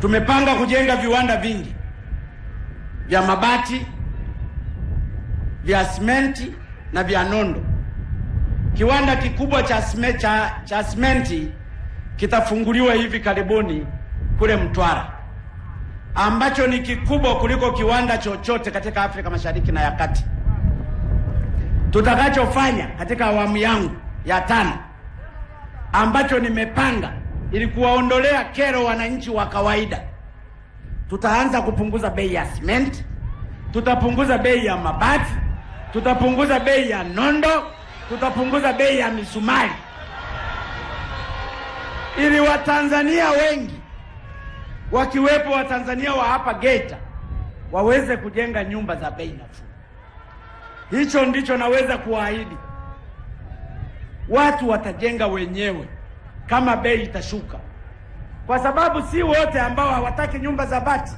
Tumepanga kujenga viwanda vingi vya mabati, vya simenti na vya nondo. Kiwanda kikubwa cha simenti cha, cha simenti kitafunguliwa hivi karibuni kule Mtwara ambacho ni kikubwa kuliko kiwanda chochote katika Afrika Mashariki na ya Kati. Tutakachofanya katika awamu yangu ya tano ambacho nimepanga ili kuwaondolea kero wananchi wa kawaida. Tutaanza kupunguza bei ya simenti, tutapunguza bei ya mabati, tutapunguza bei ya nondo, tutapunguza bei ya misumari ili Watanzania wengi wakiwepo Watanzania wa hapa Geita waweze kujenga nyumba za bei nafuu. Hicho ndicho naweza kuahidi watu watajenga wenyewe kama bei itashuka, kwa sababu si wote ambao hawataki nyumba za bati.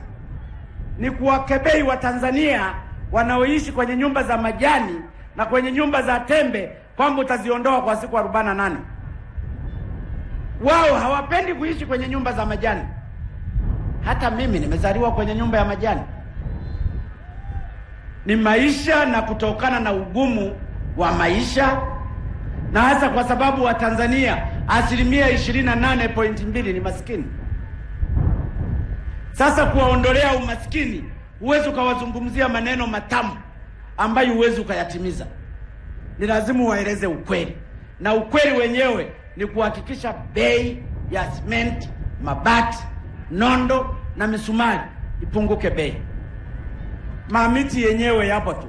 Ni kuwakebei Watanzania wanaoishi kwenye nyumba za majani na kwenye nyumba za tembe kwamba utaziondoa kwa siku arobaini na nane. Wao hawapendi kuishi kwenye nyumba za majani. Hata mimi nimezaliwa kwenye nyumba ya majani. Ni maisha na kutokana na ugumu wa maisha, na hasa kwa sababu Watanzania asilimia 28.2 ni maskini. Sasa kuwaondolea umaskini, huwezi ukawazungumzia maneno matamu ambayo huwezi ukayatimiza. Ni lazima waeleze ukweli, na ukweli wenyewe ni kuhakikisha bei ya simenti, mabati, nondo na misumari ipunguke bei. Mamiti yenyewe yapo tu,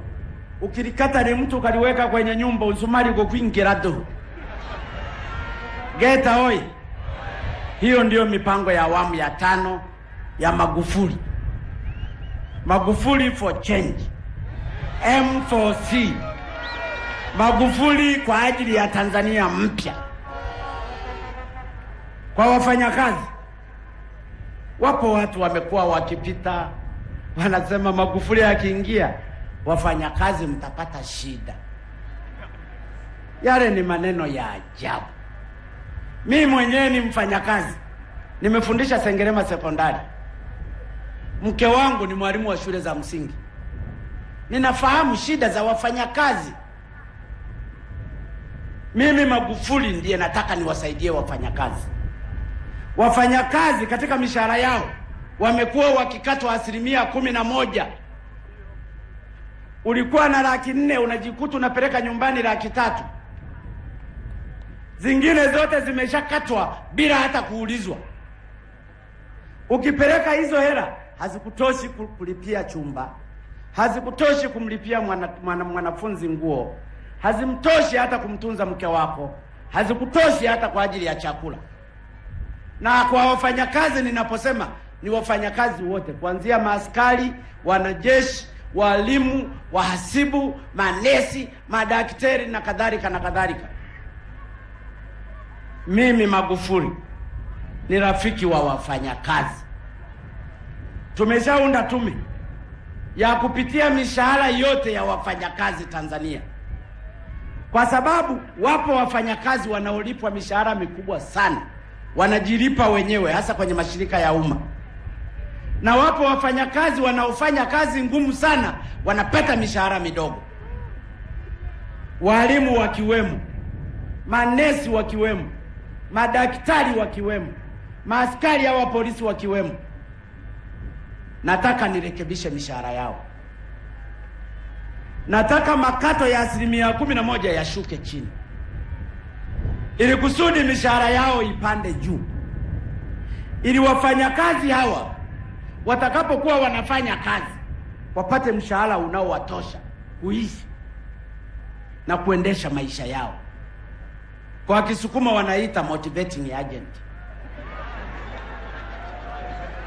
ukilikata ni mtu ukaliweka kwenye nyumba, usumari ukokwingira tu Geta oi! Hiyo ndiyo mipango ya awamu ya tano ya Magufuli. Magufuli for change, M4C, Magufuli kwa ajili ya Tanzania mpya. Kwa wafanyakazi, wapo watu wamekuwa wakipita wanasema Magufuli akiingia wafanyakazi mtapata shida. Yale ni maneno ya ajabu. Mi mwenyewe ni mfanyakazi, nimefundisha Sengerema Sekondari, mke wangu ni mwalimu wa shule za msingi. Ninafahamu shida za wafanyakazi. Mimi Magufuli ndiye nataka niwasaidie wafanyakazi. Wafanyakazi katika mishahara yao wamekuwa wakikatwa asilimia kumi na moja. Ulikuwa na laki nne unajikuta unapeleka nyumbani laki tatu zingine zote zimeshakatwa bila hata kuulizwa. Ukipeleka hizo hela hazikutoshi kulipia chumba, hazikutoshi kumlipia mwana, mwana, mwanafunzi nguo, hazimtoshi hata kumtunza mke wako, hazikutoshi hata kwa ajili ya chakula. Na kwa wafanyakazi, ninaposema ni wafanyakazi wote, kuanzia maaskari, wanajeshi, walimu, wahasibu, manesi, madaktari na kadhalika na kadhalika. Mimi Magufuli ni rafiki wa wafanyakazi. Tumeshaunda tume ya kupitia mishahara yote ya wafanyakazi Tanzania, kwa sababu wapo wafanyakazi wanaolipwa mishahara mikubwa sana, wanajilipa wenyewe, hasa kwenye mashirika ya umma, na wapo wafanyakazi wanaofanya kazi ngumu sana, wanapata mishahara midogo, walimu wakiwemo, manesi wakiwemo madaktari wakiwemo, maaskari hawa polisi wakiwemo. Nataka nirekebishe mishahara yao, nataka makato ya asilimia kumi na moja yashuke chini, ili kusudi mishahara yao ipande juu, ili wafanyakazi hawa watakapokuwa wanafanya kazi wapate mshahara unaowatosha kuishi na kuendesha maisha yao. Kwa Kisukuma wanaita motivating agent.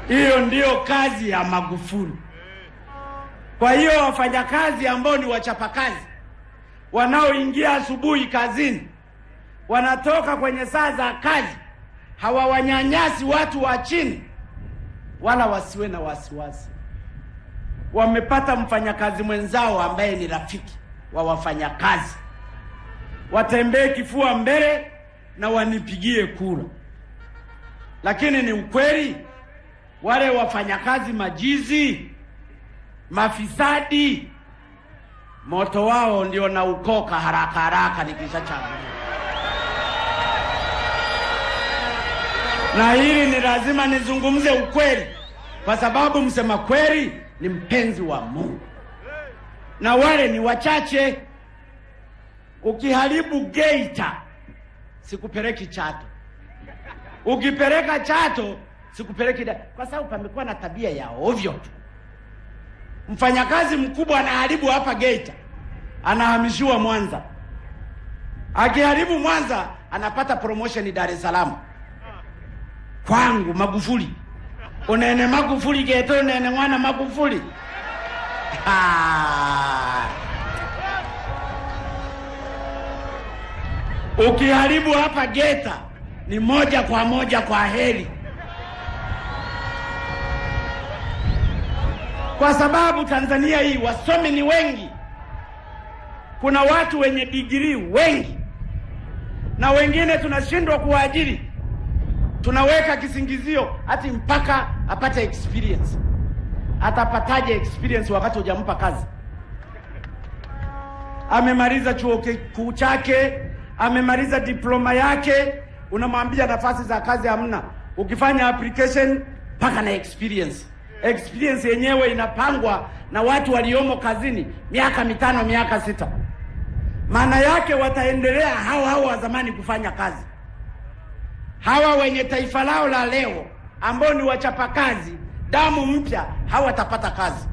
Hiyo ndiyo kazi ya Magufuli. Kwa hiyo wafanyakazi ambao ni wachapakazi wanaoingia asubuhi kazini, wanatoka kwenye saa za kazi, hawawanyanyasi watu wa chini, wala wasiwe na wasiwasi. Wamepata mfanyakazi mwenzao ambaye ni rafiki wa wafanyakazi watembee kifua mbele na wanipigie kura. Lakini ni ukweli, wale wafanyakazi majizi, mafisadi, moto wao ndio na ukoka haraka haraka nikishachaguliwa. Na hili ni lazima nizungumze ukweli, kwa sababu msema kweli ni mpenzi wa Mungu, na wale ni wachache. Ukiharibu Geita sikupeleki Chato, ukipeleka Chato sikupeleki da, kwa sababu pamekuwa na tabia ya ovyo tu. Mfanyakazi mkubwa anaharibu hapa Geita, anahamishiwa Mwanza. Akiharibu Mwanza anapata promotion Dar es Salaam. Kwangu Magufuli unene Magufuli geto unene mwana Magufuli. Ah. Ukiharibu hapa geta ni moja kwa moja kwa heri, kwa sababu Tanzania hii wasomi ni wengi, kuna watu wenye digirii wengi, na wengine tunashindwa kuwaajiri. Tunaweka kisingizio hati mpaka apate experience. Atapataje experience wakati hujampa kazi? Amemaliza chuo kikuu chake amemaliza diploma yake, unamwambia nafasi za kazi hamna. Ukifanya application mpaka na experience experience yenyewe inapangwa na watu waliomo kazini miaka mitano miaka sita. Maana yake wataendelea hao hao wa zamani kufanya kazi. Hawa wenye taifa lao la leo ambao ni wachapakazi, damu mpya, hawatapata kazi.